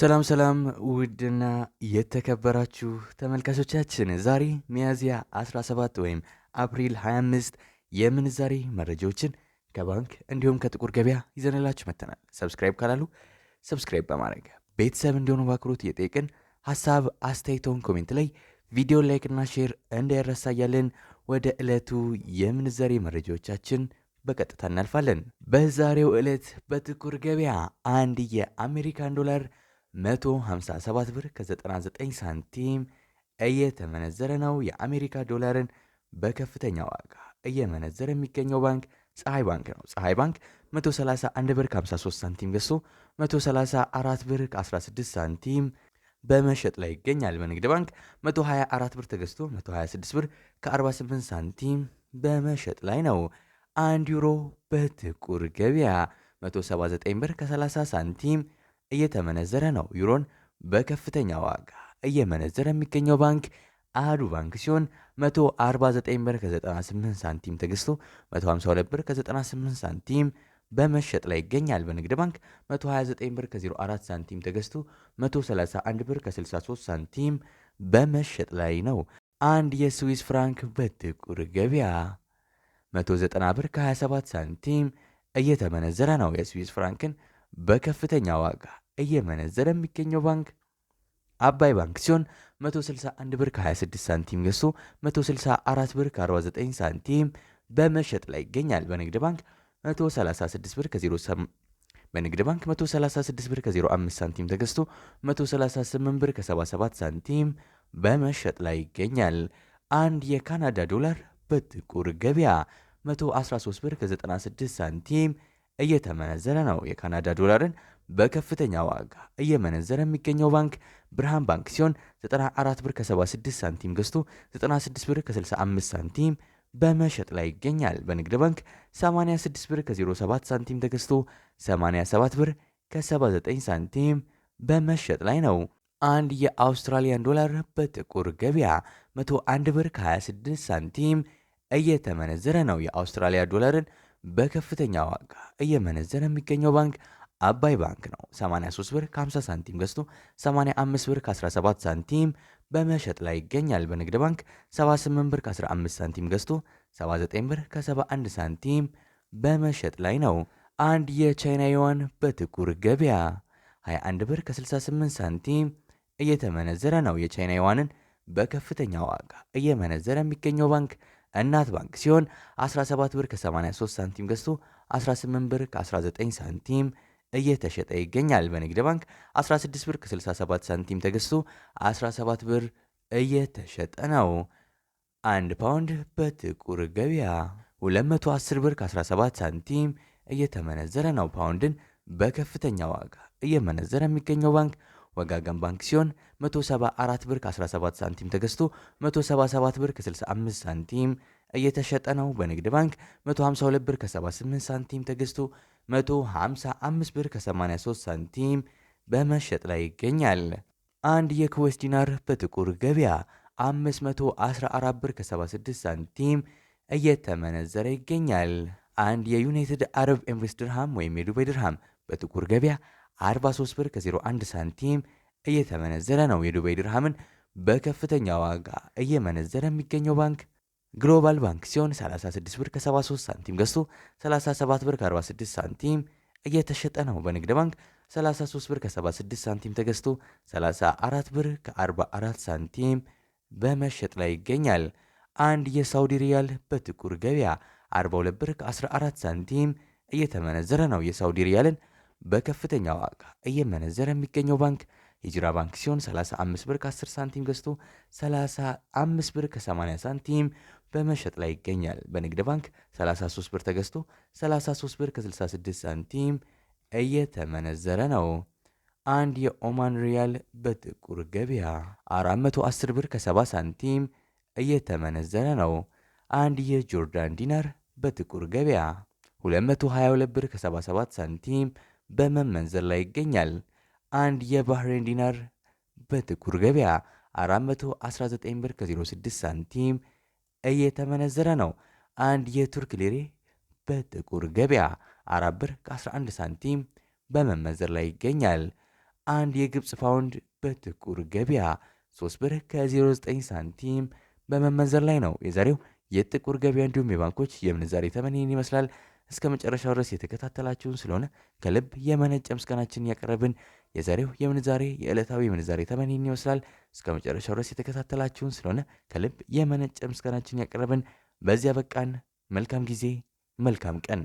ሰላም ሰላም ውድና የተከበራችሁ ተመልካቾቻችን ዛሬ ሚያዝያ 17 ወይም አፕሪል 25 የምንዛሬ መረጃዎችን ከባንክ እንዲሁም ከጥቁር ገበያ ይዘንላችሁ መጥተናል። ሰብስክራይብ ካላሉ ሰብስክራይብ በማድረግ ቤተሰብ እንዲሆኑ በአክብሮት እየጠየቅን ሀሳብ አስተያየቶን ኮሜንት ላይ ቪዲዮ ላይክና ሼር እንዳይረሳ እያልን ወደ ዕለቱ የምንዛሬ መረጃዎቻችን በቀጥታ እናልፋለን። በዛሬው ዕለት በጥቁር ገበያ አንድ የአሜሪካን ዶላር 157 ብር ከ99 ሳንቲም እየተመነዘረ ነው። የአሜሪካ ዶላርን በከፍተኛ ዋጋ እየመነዘረ የሚገኘው ባንክ ፀሐይ ባንክ ነው። ፀሐይ ባንክ 131 ብር ከ53 ሳንቲም ገዝቶ 134 ብር ከ16 ሳንቲም በመሸጥ ላይ ይገኛል። በንግድ ባንክ 124 ብር ተገዝቶ 126 ብር ከ48 ሳንቲም በመሸጥ ላይ ነው። አንድ ዩሮ በጥቁር ገበያ 179 ብር ከ30 ሳንቲም እየተመነዘረ ነው። ዩሮን በከፍተኛ ዋጋ እየመነዘረ የሚገኘው ባንክ አህዱ ባንክ ሲሆን 149 ብር ከ98 ሳንቲም ተገዝቶ 152 ብር ከ98 ሳንቲም በመሸጥ ላይ ይገኛል። በንግድ ባንክ 129 ብር ከ04 ሳንቲም ተገዝቶ 131 ብር ከ63 ሳንቲም በመሸጥ ላይ ነው። አንድ የስዊስ ፍራንክ በጥቁር ገበያ 190 ብር ከ27 ሳንቲም እየተመነዘረ ነው። የስዊስ ፍራንክን በከፍተኛ ዋጋ እየመነዘረ የሚገኘው ባንክ አባይ ባንክ ሲሆን 161 ብር ከ26 ሳንቲም ገዝቶ 164 ብር ከ49 ሳንቲም በመሸጥ ላይ ይገኛል። በንግድ ባንክ 136 ብር ከ08 በንግድ ባንክ 136 ብር ከ05 ሳንቲም ተገዝቶ 138 ብር ከ77 ሳንቲም በመሸጥ ላይ ይገኛል። አንድ የካናዳ ዶላር በጥቁር ገበያ 113 ብር ከ96 ሳንቲም እየተመነዘረ ነው። የካናዳ ዶላርን በከፍተኛ ዋጋ እየመነዘረ የሚገኘው ባንክ ብርሃን ባንክ ሲሆን 94 ብር ከ76 ሳንቲም ገዝቶ 96 ብር ከ65 ሳንቲም በመሸጥ ላይ ይገኛል። በንግድ ባንክ 86 ብር ከ07 ሳንቲም ተገዝቶ 87 ብር ከ79 ሳንቲም በመሸጥ ላይ ነው። አንድ የአውስትራሊያን ዶላር በጥቁር ገበያ 101 ብር ከ26 ሳንቲም እየተመነዘረ ነው። የአውስትራሊያ ዶላርን በከፍተኛ ዋጋ እየመነዘረ የሚገኘው ባንክ አባይ ባንክ ነው። 83 ብር ከ50 ሳንቲም ገዝቶ 85 ብር ከ17 ሳንቲም በመሸጥ ላይ ይገኛል። በንግድ ባንክ 78 ብር ከ15 ሳንቲም ገዝቶ 79 ብር ከ71 ሳንቲም በመሸጥ ላይ ነው። አንድ የቻይና ዩዋን በጥቁር ገበያ 21 ብር ከ68 ሳንቲም እየተመነዘረ ነው። የቻይና ዩዋንን በከፍተኛ ዋጋ እየመነዘረ የሚገኘው ባንክ እናት ባንክ ሲሆን 17 ብር ከ83 ሳንቲም ገዝቶ 18 ብር ከ19 ሳንቲም እየተሸጠ ይገኛል። በንግድ ባንክ 16 ብር ከ67 ሳንቲም ተገዝቶ 17 ብር እየተሸጠ ነው። አንድ ፓውንድ በጥቁር ገበያ 210 ብር ከ17 ሳንቲም እየተመነዘረ ነው። ፓውንድን በከፍተኛ ዋጋ እየመነዘረ የሚገኘው ባንክ ወጋገን ባንክ ሲሆን 174 ብር ከ17 ሳንቲም ተገዝቶ 177 ብር ከ65 ሳንቲም እየተሸጠ ነው። በንግድ ባንክ 152 ብር ከ78 ሳንቲም ተገዝቶ 155 ብር ከ83 ሳንቲም በመሸጥ ላይ ይገኛል። አንድ የኩዌስ ዲናር በጥቁር ገበያ 514 ብር ከ76 ሳንቲም እየተመነዘረ ይገኛል። አንድ የዩናይትድ አረብ ኤምሬትስ ድርሃም ወይም የዱባይ ድርሃም በጥቁር ገበያ 43 ብር ከ01 ሳንቲም እየተመነዘረ ነው። የዱባይ ድርሃምን በከፍተኛ ዋጋ እየመነዘረ የሚገኘው ባንክ ግሎባል ባንክ ሲሆን 36 ብር ከ73 ሳንቲም ገዝቶ 37 ብር ከ46 ሳንቲም እየተሸጠ ነው። በንግድ ባንክ 33 ብር ከ76 ሳንቲም ተገዝቶ 34 ብር ከ44 ሳንቲም በመሸጥ ላይ ይገኛል። አንድ የሳውዲ ሪያል በጥቁር ገበያ 42 ብር ከ14 ሳንቲም እየተመነዘረ ነው። የሳውዲ ሪያልን በከፍተኛ ዋጋ እየመነዘረ የሚገኘው ባንክ ሂጅራ ባንክ ሲሆን 35 ብር ከ10 ሳንቲም ገዝቶ 35 ብር ከ80 ሳንቲም በመሸጥ ላይ ይገኛል። በንግድ ባንክ 33 ብር ተገዝቶ 33 ብር ከ66 ሳንቲም እየተመነዘረ ነው። አንድ የኦማን ሪያል በጥቁር ገበያ 410 ብር ከ70 ሳንቲም እየተመነዘረ ነው። አንድ የጆርዳን ዲናር በጥቁር ገበያ 222 ብር ከ77 ሳንቲም በመመንዘር ላይ ይገኛል። አንድ የባህሬን ዲናር በጥቁር ገበያ 419 ብር ከ06 ሳንቲም እየተመነዘረ ነው። አንድ የቱርክ ሊሬ በጥቁር ገበያ 4 ብር ከ11 ሳንቲም በመመንዘር ላይ ይገኛል። አንድ የግብፅ ፓውንድ በጥቁር ገበያ 3 ብር ከ09 ሳንቲም በመመንዘር ላይ ነው። የዛሬው የጥቁር ገበያ እንዲሁም የባንኮች የምንዛሬ ተመን ይህን ይመስላል። እስከ መጨረሻው ድረስ የተከታተላችሁን ስለሆነ ከልብ የመነጨ ምስጋናችን ያቀረብን። የዛሬው የምንዛሬ የዕለታዊ የምንዛሬ ተመን ይህን ይመስላል። እስከ መጨረሻው ድረስ የተከታተላችሁን ስለሆነ ከልብ የመነጨ ምስጋናችን ያቀረብን። በዚያ በቃን። መልካም ጊዜ፣ መልካም ቀን